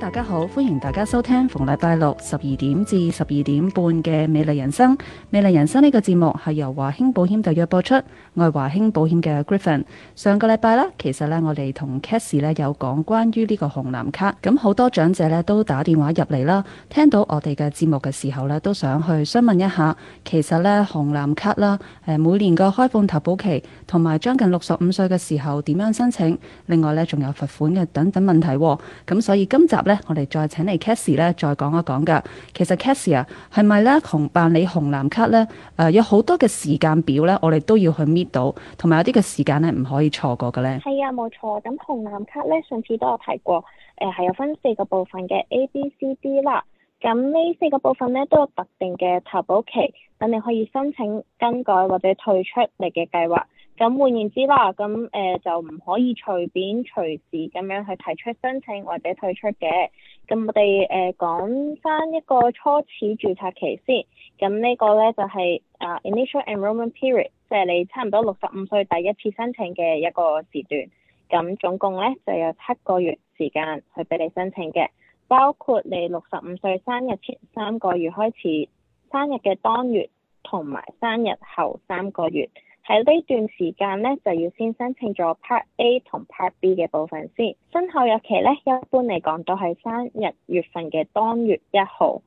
大家好，歡迎大家收聽逢禮拜六十二點至十二點半嘅《美麗人生》。《美麗人生》呢個節目係由華興保險特約播出，我係華興保險嘅 Griffin。上個禮拜呢，其實呢，我哋同 Cassie 呢有講關於呢個紅藍卡，咁好多長者呢都打電話入嚟啦，聽到我哋嘅節目嘅時候呢，都想去詢問一下，其實呢，紅藍卡啦，誒每年個開放投保期同埋將近六十五歲嘅時候點樣申請，另外呢仲有罰款嘅等等問題哦，咁所以今集我哋再請你 Cassie 咧，再講一講噶。其實 Cassie 啊係咪咧同辦理紅藍卡咧誒、呃，有好多嘅時間表咧，我哋都要去搣到，同埋有啲嘅時間咧唔可以錯過嘅咧。係啊，冇錯。咁紅藍卡咧，上次都有提過誒，係、呃、有分四個部分嘅 A、B、C、D 啦。咁呢四個部分咧都有特定嘅投保期，等你可以申請更改或者退出你嘅計劃。咁換言之啦，咁誒、呃、就唔可以隨便隨時咁樣去提出申請或者退出嘅。咁我哋誒、呃、講返一個初始註冊期先。咁呢個咧就係、是、啊、uh, initial enrollment period，即係你差唔多六十五歲第一次申請嘅一個時段。咁總共咧就有七個月時間去俾你申請嘅，包括你六十五歲生日前三個月開始，生日嘅當月同埋生日後三個月。喺呢段時間咧，就要先申請咗 Part A 同 Part B 嘅部分先。生效日期咧，一般嚟講都係生日月份嘅當月一號。誒、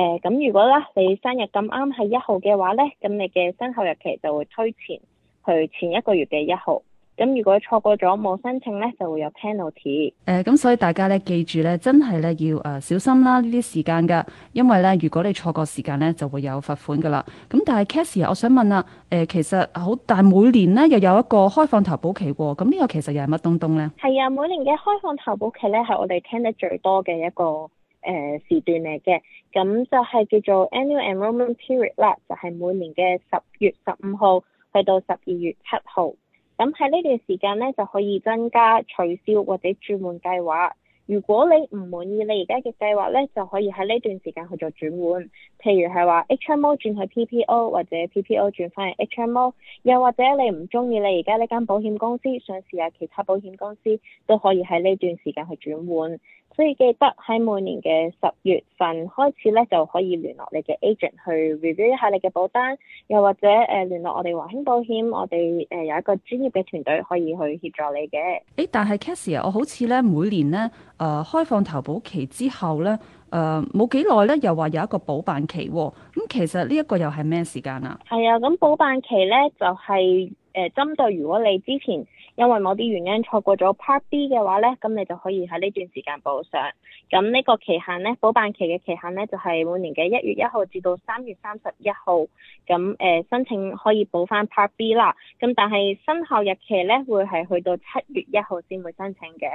呃，咁如果咧你生日咁啱係一號嘅話咧，咁你嘅生效日期就會推前去前一個月嘅一號。咁如果錯過咗冇申請咧，就會有 penalty。誒、呃，咁所以大家咧記住咧，真係咧要誒、呃、小心啦，呢啲時間噶，因為咧如果你錯過時間咧，就會有罰款噶啦。咁但係 Cassie 我想問啦，誒、呃，其實好，但係每年咧又有一個開放投保期喎、啊。咁、嗯、呢、這個其實又係乜東東咧？係啊，每年嘅開放投保期咧係我哋聽得最多嘅一個誒、呃、時段嚟嘅。咁就係叫做 Annual Enrollment Period 啦，就係每年嘅十月十五號去到十二月七號。咁喺呢段時間呢，就可以增加、取消或者轉換計劃。如果你唔滿意你而家嘅計劃呢，就可以喺呢段時間去做轉換。譬如係話 HMO 轉去 PPO，或者 PPO 轉翻去 HMO，又或者你唔中意你而家呢間保險公司，想試下其他保險公司，都可以喺呢段時間去轉換。所以記得喺每年嘅十月份開始咧，就可以聯絡你嘅 agent 去 review 一下你嘅保單，又或者誒、呃、聯絡我哋華興保險，我哋誒、呃、有一個專業嘅團隊可以去協助你嘅。誒、欸，但係 Cassie 我好似咧每年咧，誒、呃、開放投保期之後咧，誒冇幾耐咧，又話有一個保辦期喎、哦。咁、嗯、其實呢一個又係咩時間啊？係啊、哎，咁保辦期咧就係、是、誒、呃、針對如果你之前，因為某啲原因錯過咗 Part B 嘅話呢，咁你就可以喺呢段時間補上。咁呢個期限呢，補辦期嘅期限呢，就係、是、每年嘅一月一號至到三月三十一號。咁誒、呃，申請可以補翻 Part B 啦。咁但係生效日期呢，會係去到七月一號先會申請嘅。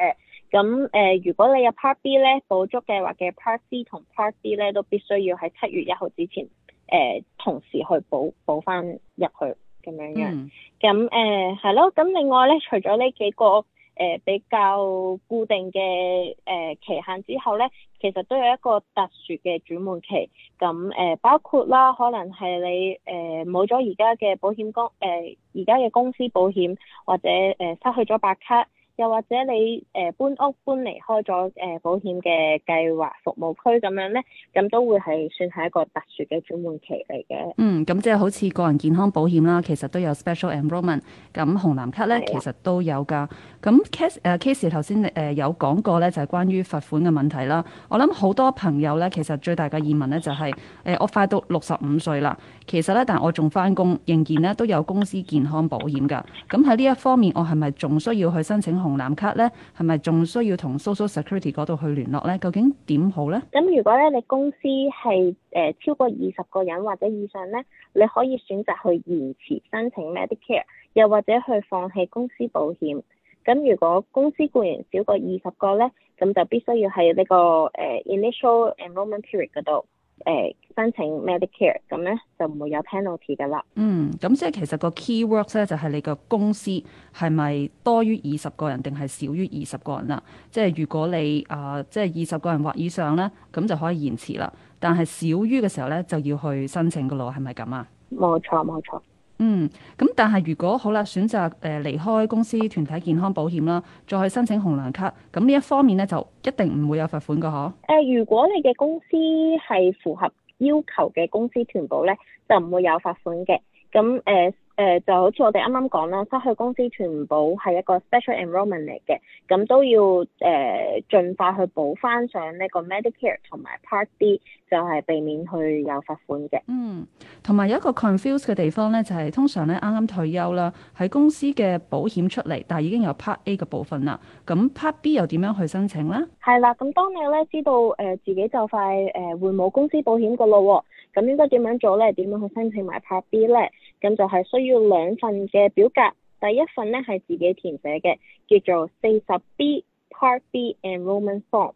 咁誒、呃，如果你有 Part B 呢，補足計劃嘅 Part C 同 Part D 呢，都必須要喺七月一號之前誒、呃、同時去補補翻入去。咁樣嘅，咁誒係咯，咁、嗯嗯嗯、另外咧，除咗呢幾個誒、呃、比較固定嘅誒、呃、期限之後咧，其實都有一個特殊嘅轉換期，咁、嗯、誒、呃、包括啦，可能係你誒冇咗而家嘅保險公誒而家嘅公司保險，或者誒失去咗白卡。又或者你誒搬屋搬離開咗誒保險嘅計劃服務區咁樣咧，咁都會係算係一個特殊嘅轉換期嚟嘅。嗯，咁即係好似個人健康保險啦，其實都有 special enrollment，咁紅藍卡咧的其實都有㗎。咁 case 誒、啊、case 頭先誒有講過咧，就係、是、關於罰款嘅問題啦。我諗好多朋友咧，其實最大嘅疑問咧就係、是、誒、呃，我快到六十五歲啦。其實咧，但我仲返工，仍然咧都有公司健康保險㗎。咁喺呢一方面，我係咪仲需要去申請紅藍卡呢？係咪仲需要同 Social Security 嗰度去聯絡呢？究竟點好呢？咁如果咧你公司係誒、呃、超過二十個人或者以上呢，你可以選擇去延遲申請 Medicare，又或者去放棄公司保險。咁如果公司雇員少過二十個呢，咁就必須要喺呢個誒、呃、initial enrollment period 嗰度。誒申請 Medicare 咁咧就唔會有 penalty 嘅啦。嗯，咁即係其實個 key words 咧就係、是、你個公司係咪多於二十個人定係少於二十個人啦？即係如果你啊、呃、即係二十個人或以上咧，咁就可以延遲啦。但係少於嘅時候咧，就要去申請嘅咯，係咪咁啊？冇錯，冇錯。嗯，咁但係如果好啦，選擇誒離開公司團體健康保險啦，再去申請紅藍卡，咁呢一方面咧就一定唔會有罰款嘅嗬。誒，如果你嘅公司係符合要求嘅公司團保咧，就唔會有罰款嘅。咁誒。Uh, 誒、呃、就好似我哋啱啱講啦，失去公司全保係一個 special enrollment 嚟嘅，咁都要誒、呃、盡快去補翻上呢個 Medicare 同埋 Part B，就係避免去有罰款嘅。嗯，同埋有一個 confuse 嘅地方咧，就係、是、通常咧啱啱退休啦，喺公司嘅保險出嚟，但係已經有 Part A 嘅部分啦，咁 Part B 又點、呃呃、樣、樣去申請咧？係啦，咁當你咧知道誒自己就快誒會冇公司保險嘅啦喎，咁應該點樣做咧？點樣去申請埋 Part B 咧？咁就係需要兩份嘅表格，第一份呢係自己填寫嘅，叫做四十 B Part B Enrollment Form。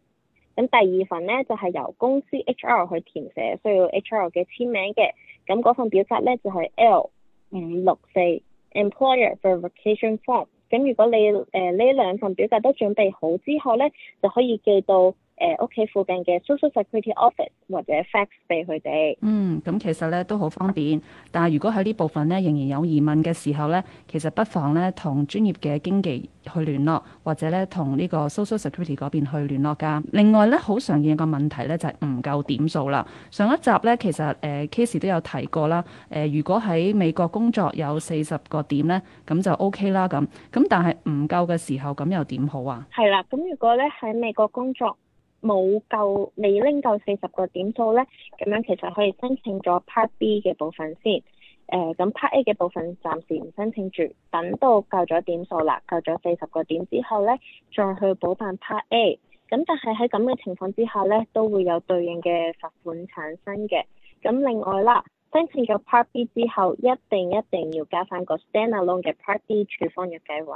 咁第二份呢就係、是、由公司 HR 去填寫，需要 HR 嘅簽名嘅。咁嗰份表格呢就係、是、L 五六四 Employer Verification Form。咁如果你誒呢兩份表格都準備好之後呢，就可以寄到誒屋企附近嘅 social security office 或者 fax 俾佢哋，嗯，咁其實咧都好方便。但係如果喺呢部分咧仍然有疑問嘅時候咧，其實不妨咧同專業嘅經紀去聯絡，或者咧同呢個 social security 嗰邊去聯絡㗎。另外咧，好常見嘅問題咧就係唔夠點數啦。上一集咧其實誒、呃、case 都有提過啦。誒、呃、如果喺美國工作有四十個點咧，咁就 O、OK、K 啦。咁咁但係唔夠嘅時候咁又點好啊？係啦，咁如果咧喺美國工作。冇夠，未拎夠四十個點數呢，咁樣其實可以申請咗 Part B 嘅部分先。誒、呃，咁 Part A 嘅部分暫時唔申請住，等到夠咗點數啦，夠咗四十個點之後呢，再去補辦 Part A。咁但係喺咁嘅情況之下呢，都會有對應嘅罰款產生嘅。咁另外啦～申請咗 Part B 之後，一定一定要加翻個 stand-alone 嘅 Part B 處方嘅計劃。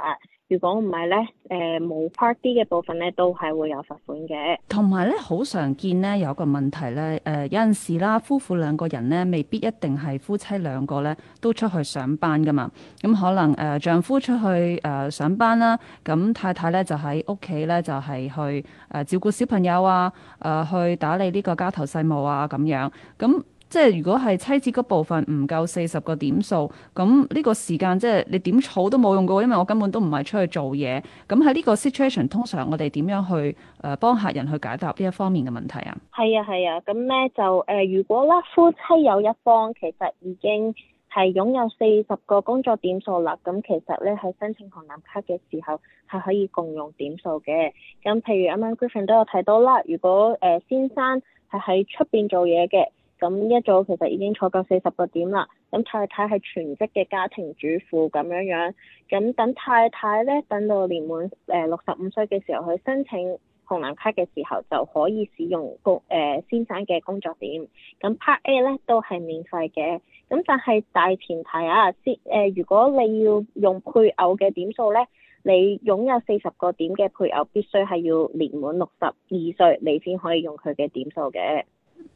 如果唔係咧，誒、呃、冇 Part B 嘅部分咧，都係會有罰款嘅。同埋咧，好常見咧，有一個問題咧，誒、呃、有陣時啦，夫婦兩個人咧，未必一定係夫妻兩個咧都出去上班噶嘛。咁、嗯、可能誒、呃、丈夫出去誒、呃、上班啦，咁太太咧就喺屋企咧就係、是、去誒照顧小朋友啊，誒、呃、去打理呢個家頭細務啊咁樣咁。即係，如果係妻子嗰部分唔夠四十個點數，咁呢個時間即係你點儲都冇用㗎喎，因為我根本都唔係出去做嘢。咁喺呢個 situation，通常我哋點樣去誒幫客人去解答呢一方面嘅問題啊？係啊，係啊，咁咧就誒，如果啦，夫妻有一方其實已經係擁有四十個工作點數啦，咁其實咧喺申請紅藍卡嘅時候係可以共用點數嘅。咁譬如啱啱 Griffin 都有睇到啦，如果誒先生係喺出邊做嘢嘅。咁一早其實已經坐夠四十個點啦，咁太太係全職嘅家庭主婦咁樣樣，咁等太太呢，等到年滿誒六十五歲嘅時候去申請紅藍卡嘅時候就可以使用公誒、呃、先生嘅工作點，咁 Part A 呢都係免費嘅，咁但係大前提啊，先誒如果你要用配偶嘅點數呢，你擁有四十個點嘅配偶必須係要年滿六十二歲，你先可以用佢嘅點數嘅。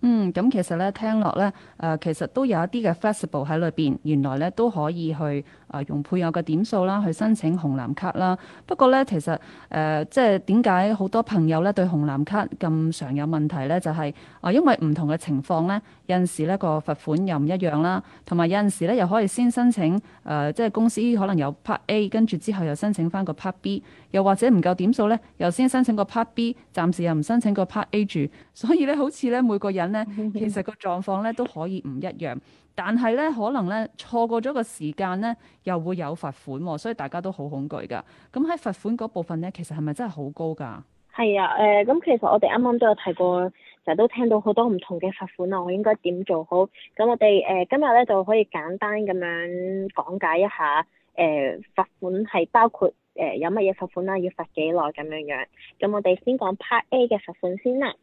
嗯，咁、嗯、其實咧聽落咧，誒、呃，其實都有一啲嘅 flexible 喺裏邊，原來咧都可以去。啊，用配偶嘅點數啦，去申請紅藍卡啦。不過呢，其實誒，即係點解好多朋友呢對紅藍卡咁常有問題呢？就係啊，因為唔同嘅情況呢，有陣時呢個罰款又唔一樣啦，同埋有陣時呢又可以先申請誒，即係公司可能有 Part A，跟住之後又申請返個 Part B，又或者唔夠點數呢，又先申請個 Part B，暫時又唔申請個 Part A 住。所以呢，好似呢，每個人呢，其實個狀況呢都可以唔一樣。但係咧，可能咧錯過咗個時間咧，又會有罰款喎、哦，所以大家都好恐懼噶。咁、嗯、喺罰款嗰部分咧，其實係咪真係好高噶？係啊，誒、呃，咁其實我哋啱啱都有提過，成日都聽到好多唔同嘅罰款啊，我應該點做好？咁我哋誒、呃、今日咧就可以簡單咁樣講解一下，誒、呃、罰款係包括誒、呃、有乜嘢罰款啦、啊，要罰幾耐咁樣樣。咁我哋先講 Part A 嘅罰款先啦。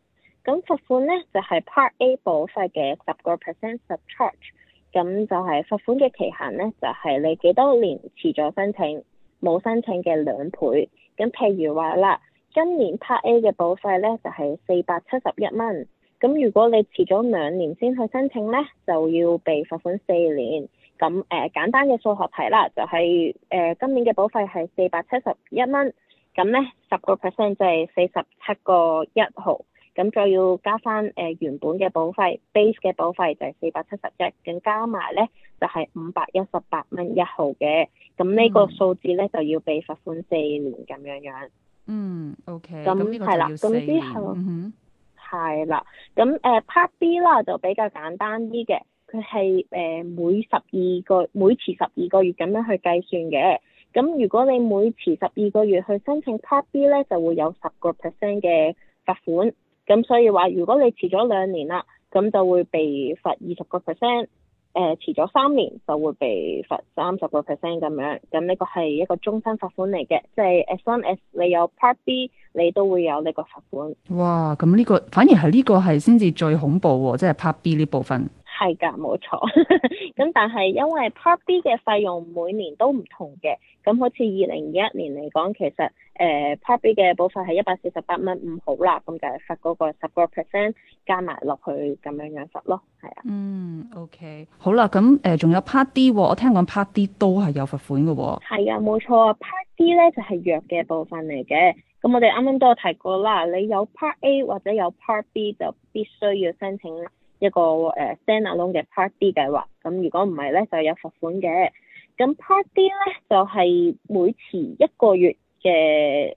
咁罰款咧就係、是、Part A 保費嘅十個 percent surcharge，咁就係罰款嘅期限咧就係、是、你幾多年遲咗申請冇申請嘅兩倍。咁譬如話啦，今年 Part A 嘅保費咧就係四百七十一蚊。咁如果你遲咗兩年先去申請咧，就要被罰款四年。咁誒、呃、簡單嘅數學題啦，就係、是、誒、呃、今年嘅保費係四百七十一蚊，咁咧十個 percent 就係四十七個一毫。咁再要加翻誒、呃、原本嘅保費，base 嘅保費就係四百七十一，咁加埋咧就係五百一十八蚊一毫嘅。咁呢個數字咧、嗯、就要被罰款四年咁樣樣。嗯，OK，咁係那啦，咁之後，係、嗯、哼啦，咁誒、呃、Part B 啦就比較簡單啲嘅，佢係誒每十二個每遲十二個月咁樣去計算嘅。咁如果你每遲十二個月去申請 Part B 咧，就會有十個 percent 嘅罰款。咁所以話，如果你遲咗兩年啦，咁就會被罰二十個 percent。誒、呃，遲咗三年就會被罰三十個 percent 咁樣。咁呢個係一個終身罰款嚟嘅，即係 as long as 你有 part B，你都會有呢個罰款。哇！咁呢個反而係呢個係先至最恐怖喎，即係 part B 呢部分。係噶，冇錯。咁 但係因為 Part B 嘅費用每年都唔同嘅，咁好似二零二一年嚟講，其實誒、呃、Part B 嘅保費係一百四十八蚊五毫啦，咁計罰嗰個十個 percent 加埋落去咁樣樣罰咯，係啊。嗯，OK。好啦，咁誒仲有 Part D，我聽講 Part D 都係有罰款嘅喎。係啊，冇錯。Part D 咧就係、是、弱嘅部分嚟嘅，咁我哋啱啱都有提過啦，你有 Part A 或者有 Part B 就必須要申請啦。一個誒 stand alone 嘅 part D 計劃，咁如果唔係咧，就有罰款嘅。咁 part D 咧就係每遲一個月嘅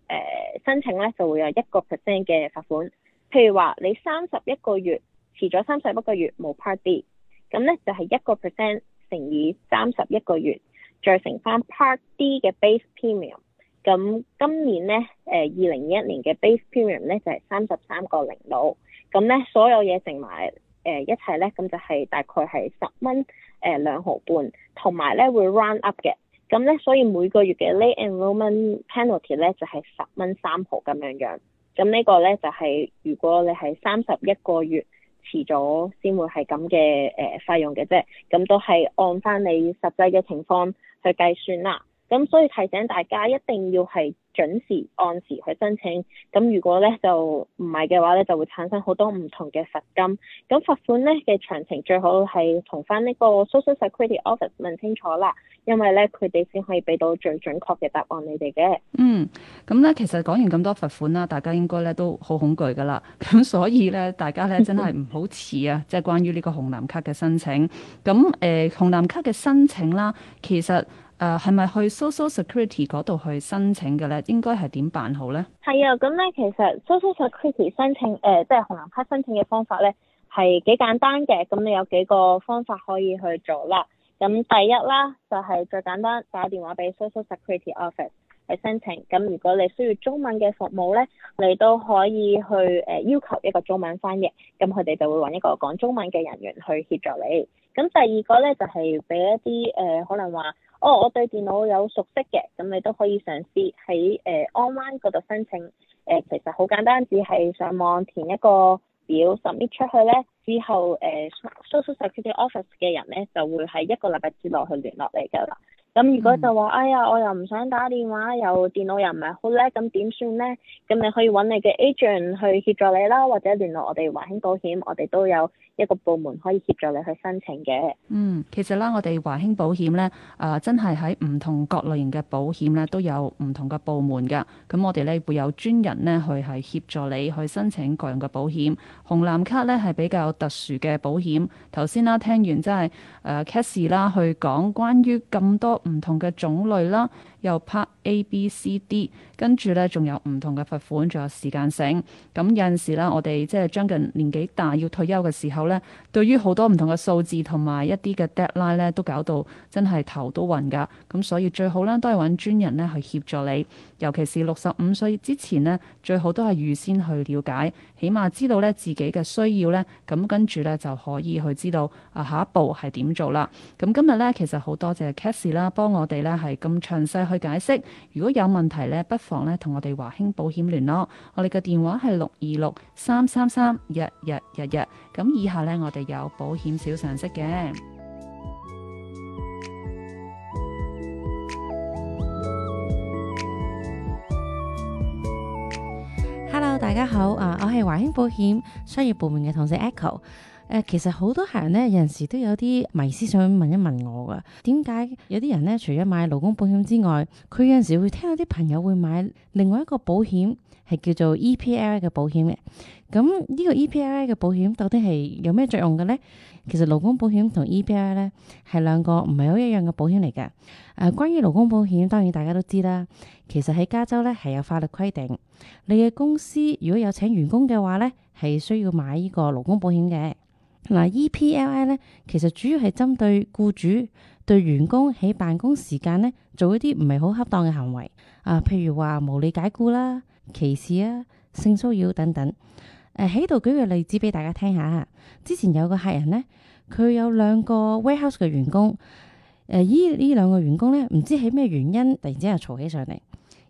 誒申請咧，就會有、就是、一個 percent 嘅、呃、罰款。譬如話你三十一個月遲咗三十一個月冇 part D，咁咧就係一個 percent 乘以三十一個月，再乘翻 part D 嘅 base premium。咁今年咧誒二零二一年嘅 base premium 咧就係三十三個零六，咁咧所有嘢乘埋。誒、呃、一齊呢，咁就係大概係十蚊誒、呃、兩毫半，同埋呢會 run up 嘅。咁呢，所以每個月嘅 Late Enrollment Penalty 呢，就係、是、十蚊三毫咁樣樣。咁呢個呢，就係、是、如果你係三十一個月遲咗先會係咁嘅誒費用嘅啫。咁都係按返你實際嘅情況去計算啦。咁所以提醒大家一定要係。準時按時去申請，咁如果咧就唔係嘅話咧，就會產生好多唔同嘅罰金。咁罰款咧嘅詳情最好係同翻呢個 Social Security Office 問清楚啦，因為咧佢哋先可以俾到最準確嘅答案你哋嘅。嗯，咁咧其實講完咁多罰款啦，大家應該咧都好恐懼噶啦。咁所以咧，大家咧真係唔好遲啊！即係 關於呢個紅藍卡嘅申請。咁誒、呃，紅藍卡嘅申請啦，其實。誒係咪去 Social Security 嗰度去申請嘅咧？應該係點辦好咧？係啊，咁咧其實 Social Security 申請誒、呃，即係紅藍卡申請嘅方法咧，係幾簡單嘅。咁你有幾個方法可以去做啦。咁第一啦，就係、是、最簡單，打電話俾 Social Security Office 去申請。咁如果你需要中文嘅服務咧，你都可以去誒、呃、要求一個中文翻譯，咁佢哋就會搵一個講中文嘅人員去協助你。咁第二個咧，就係、是、俾一啲誒、呃、可能話。哦，oh，我對電腦有熟悉嘅，咁你都可以嘗試喺誒 online 嗰度申請。誒、呃，其實好簡單，只係上網填一個表 submit 出去咧，之後誒 Social Security office 嘅人咧，就會喺一個禮拜之內去聯絡你㗎啦。咁如果就話，嗯、哎呀，我又唔想打電話，又電腦又唔係好叻，咁點算咧？咁你可以揾你嘅 agent 去協助你啦，或者聯絡我哋華興保險，我哋都有。一個部門可以協助你去申請嘅。嗯，其實啦，我哋華興保險呢，誒、啊，真係喺唔同各類型嘅保險呢都有唔同嘅部門噶。咁我哋呢會有專人呢去係協助你去申請各樣嘅保險。紅藍卡呢係比較特殊嘅保險。頭先啦，聽完真係誒 Cassie 啦，去講關於咁多唔同嘅種類啦，又拍。A、B、C、D，跟住呢仲有唔同嘅罰款，仲有時間性。咁有陣時咧，我哋即係將近年紀大要退休嘅時候呢，對於好多唔同嘅數字同埋一啲嘅 deadline 呢，都搞到真係頭都暈㗎。咁所以最好呢，都係揾專人呢去協助你。尤其是六十五歲之前呢，最好都係預先去了解，起碼知道呢自己嘅需要呢。咁跟住呢，就可以去知道啊下一步係點做啦。咁今日呢，其實好多謝 Cassie 啦，幫我哋呢，係咁詳細去解釋。如果有問題咧，不妨咧同我哋華興保險聯絡，我哋嘅電話係六二六三三三一一一一。咁以下咧，我哋有保險小常識嘅。Hello，大家好啊，我係華興保險商業部門嘅同事 Echo。誒，其實好多客人咧，有陣時都有啲迷思，想問一問我㗎。點解有啲人咧，除咗買勞工保險之外，佢有陣時會聽到啲朋友會買另外一個保險，係叫做 EPL 嘅保險嘅。咁呢個 EPL 嘅保險到底係有咩作用嘅咧？其實勞工保險同 EPL 咧係兩個唔係好一樣嘅保險嚟嘅。誒、呃，關於勞工保險，當然大家都知啦。其實喺加州咧係有法律規定，你嘅公司如果有請員工嘅話咧，係需要買呢個勞工保險嘅。嗱，EPLI 咧，e、其實主要係針對僱主對員工喺辦公時間咧做一啲唔係好恰當嘅行為，啊，譬如話無理解僱啦、歧視啊、性騷擾等等。誒、呃，喺度舉個例子俾大家聽下。之前有個客人咧，佢有兩個 warehouse 嘅員工，誒、呃，依呢兩個員工咧，唔知係咩原因，突然之間就嘈起上嚟，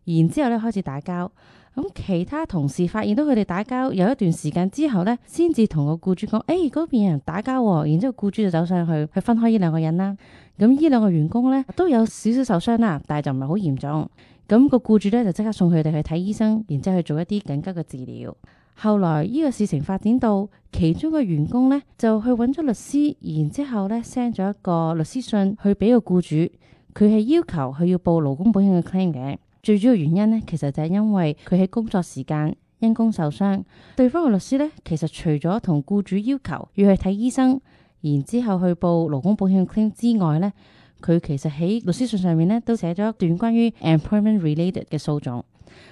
然之後咧，開始打交。咁其他同事發現到佢哋打交，有一段時間之後咧，先至同個僱主講，誒、哎，嗰邊有人打交喎。然之後僱主就走上去去分開呢兩個人啦。咁呢兩個員工咧都有少少受傷啦，但係就唔係好嚴重。咁個僱主咧就即刻送佢哋去睇醫生，然之後去做一啲緊急嘅治療。後來呢、這個事情發展到其中個員工咧就去揾咗律師，然之後咧 send 咗一個律師信去俾個僱主，佢係要求佢要報勞工保險嘅 claim 嘅。最主要原因咧，其實就係因為佢喺工作時間因公受傷。對方嘅律師咧，其實除咗同僱主要求要去睇醫生，然之後去報勞工保險 claim 之外咧，佢其實喺律師信上面咧都寫咗一段關於 employment related 嘅訴訟，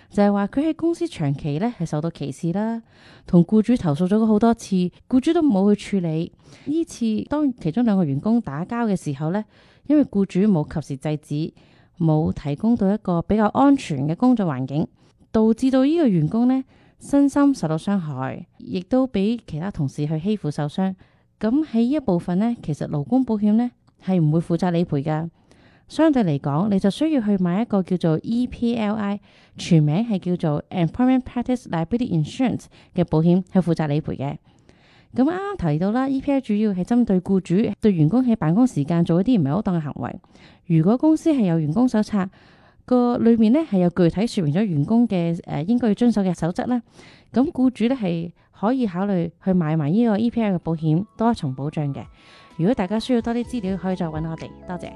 就係話佢喺公司長期咧係受到歧視啦，同僱主投訴咗好多次，僱主都冇去處理。呢次當其中兩個員工打交嘅時候咧，因為僱主冇及時制止，冇提供到一個比較安全嘅工作環境，導致到呢個員工咧身心受到傷害，亦都俾其他同事去欺負受傷。咁喺呢一部分咧，其實勞工保險咧係唔會負責理賠嘅。相對嚟講，你就需要去買一個叫做 EPLI，全名係叫做 Employment Practices Liability Insurance 嘅保險，係負責理賠嘅。咁啱啱提到啦，EPA 主要係針對僱主對員工喺辦公時間做一啲唔係好當嘅行為。如果公司係有員工手冊個裏面咧係有具體說明咗員工嘅誒、呃、應該要遵守嘅守則咧，咁僱主咧係可以考慮去買埋呢個 EPA 嘅保險，多一重保障嘅。如果大家需要多啲資料，可以再搵我哋。多謝。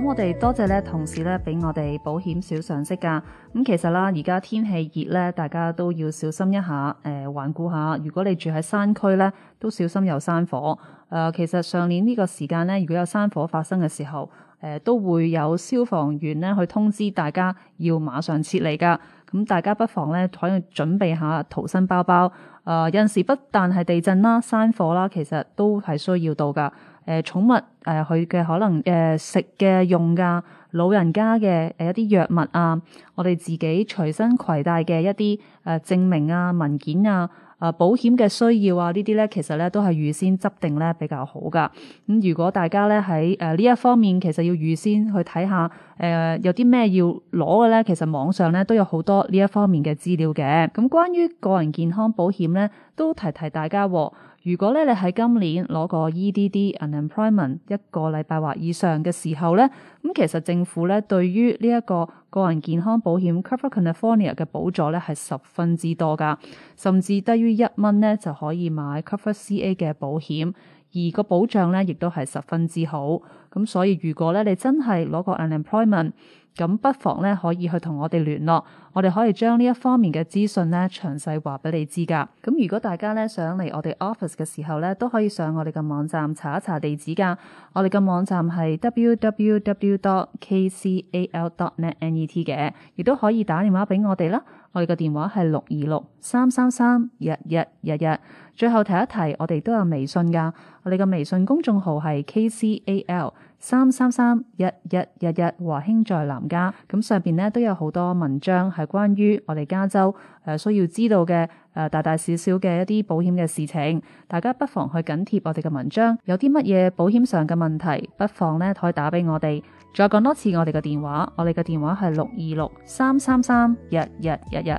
咁、嗯、我哋多謝咧同事咧俾我哋保險小常識噶。咁、嗯、其實啦，而家天氣熱咧，大家都要小心一下。誒、呃，環顧下，如果你住喺山區咧，都小心有山火。誒、呃，其實上年呢個時間咧，如果有山火發生嘅時候，誒、呃，都會有消防員咧去通知大家要馬上撤離噶。咁、嗯、大家不妨咧可以準備下逃生包包。誒、呃，有陣時不但係地震啦、山火啦，其實都係需要到噶。誒、呃、寵物誒佢嘅可能誒、呃、食嘅用噶老人家嘅誒、呃、一啲藥物啊，我哋自己隨身攜帶嘅一啲誒、呃、證明啊，文件啊啊、呃、保險嘅需要啊呢啲咧，其實咧都係預先執定咧比較好噶。咁、嗯、如果大家咧喺誒呢、呃、一方面，其實要預先去睇下誒、呃、有啲咩要攞嘅咧，其實網上咧都有好多呢一方面嘅資料嘅。咁、嗯、關於個人健康保險咧，都提提大家、哦。哦。如果咧你喺今年攞個 EDD Unemployment 一個禮拜或以上嘅時候咧，咁其實政府咧對於呢一個個人健康保險 Cover California 嘅補助咧係十分之多㗎，甚至低於一蚊咧就可以買 Cover CA 嘅保險，而個保障咧亦都係十分之好。咁所以如果咧你真係攞個 Unemployment 咁不妨咧可以去同我哋聯絡，我哋可以將呢一方面嘅資訊咧詳細話俾你知噶。咁如果大家咧想嚟我哋 office 嘅時候咧，都可以上我哋嘅網站查一查地址噶。我哋嘅網站係 www dot kcal dot net 嘅，亦都可以打電話俾我哋啦。我哋嘅電話係六二六三三三一一一一。最後提一提，我哋都有微信噶，我哋嘅微信公眾號係 kcal。三三三一一一一華興在南加。咁上邊咧都有好多文章係關於我哋加州誒、呃、需要知道嘅誒、呃、大大小小嘅一啲保險嘅事情，大家不妨去緊貼我哋嘅文章，有啲乜嘢保險上嘅問題，不妨咧可以打俾我哋。再講多次我哋嘅電話，我哋嘅電話係六二六三三三一一一一。